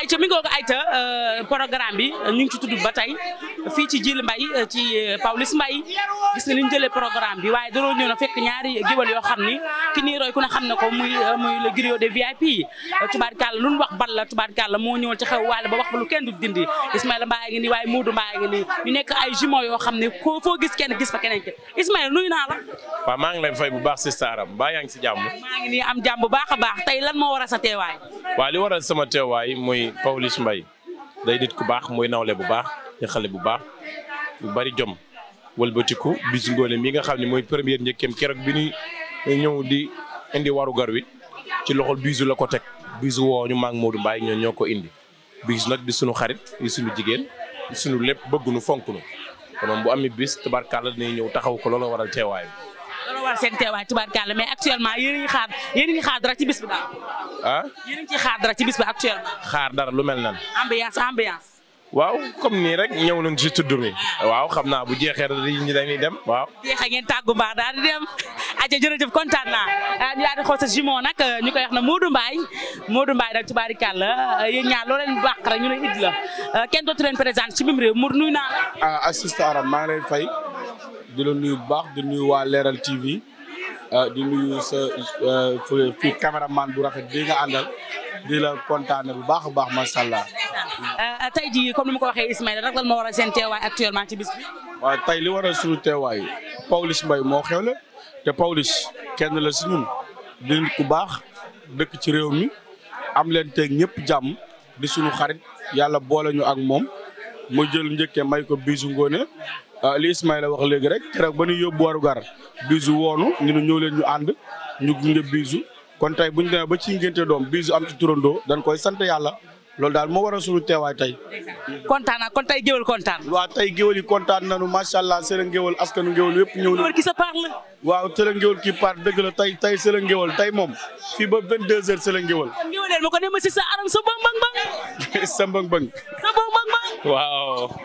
ayca mi ngoogu ayta euh, programme bi euh, ñu ngi ci tudd ba tey fii ci jiil Mbaye euh, ci Pawlish Mbaye gis nga ni ñu jëlee programme bi waaye danoo ñëw na fekk ñaari géwél yoo xam ni ki nii ku ne xam na ko muy muy le griot de VIP tubaarkàlla lu ñu wax bal la tubaarkàlla moo ñëwoon ci xew waale ba wax lu kenn du dindi Ismaïla Mbaye ngi nii waaye Modou Mbaye ngi nii ñu nekk ay jumeaux yoo xam ne koo foo gis kenn gis fa keneen ki Ismaïla nuyu naa la waaw maa ngi lay fay bu baax si saaram mbaa yaa ngi si jàmm maa ngi nii am jàmm bu baax a baax tey lan moo waral sa teewaay waaw li waral sama teewaay muy muy Pawlish Mbaye day nit ku baax mooy nawle bu baax di xale bu baax bu bari jom walbatiku bis ngoone mi nga xam ne mooy première njëkkeem keroog bi ñuy ñëw di indi waru gar wi ci loxol bisu la ko teg bisu woo ñu maag Modou mbay ñoo ñoo ko indi bisu nag di sunu xarit di sunu jigéen di sunu lépp bëgg nu fonk nu konoon bu amee bis tabarkaala dinañ ñëw taxaw ko loolu war a bi waral seen teewaay tubaarkàlla mais actuellement yéen a xaar a dara ci bis bi daal. Ah? a xaar dara lu mel nan. ambiance ambiance. waaw comme nii rek ñëw nañ ci tudd mi waaw xam naa bu jeexee rek ñu dañuy dem waaw. jeexa ngeen tàggu mbaax daal di dem. aja jërëjëf kontaan naa euh, ñu daal di xool sa jumeau nag euh, ñu koy wax na Modou Mbaye Modou Mbaye nag tubaarikàlla euh, yéen ñaar loo leen baax rek ñu ne it la kenn dootu leen ci biir réew Modou nuyu naa la. ah assistant fay. di la nuyu bu baax di nuyu waa Leral TV euh, di nuyu sa euh, fii caméraman bu rafet bi nga àndal di la kontaane bu baax a baax macha allah. Euh, tey jii comme ni ma ko waxee Ismaïla rek lan moo waral seen teewaay actuellement ci bis bi. tey li waral suñu teewaay Pawlish Mbaye moo xewle te Pawlish kenn la si ñun di ku baax dëkk ci réew mi am leen teg ñëpp jàmm di suñu xarit yàlla boole ñu ak moom. mu jël njëkkee may ko biisu ngóone ah, li Ismaïla wax léegi rek keroog ba ñu yóbbu waru gar biisu woonu ñu ne ñëw leen ñu ànd ñu gunge biisu kon tey bu ñu demee ba ci ngénte doom biisu am turandoo dañ koy sant yàlla loolu daal moo waral suñu teewaay tey. kontaan naa kon tey géwél kontaan. waaw tey géwél yi kontaan nañu macha allah sële ngéwél askanu géwél yëpp ñëw na. ki sa parle. waaw sële ngéwél kii par dëgg la tey tey sële ngéwél tey moom fii ba 22h sële ngéwél. kon ngéwél ko demee si sa waaw